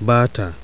Ba ta.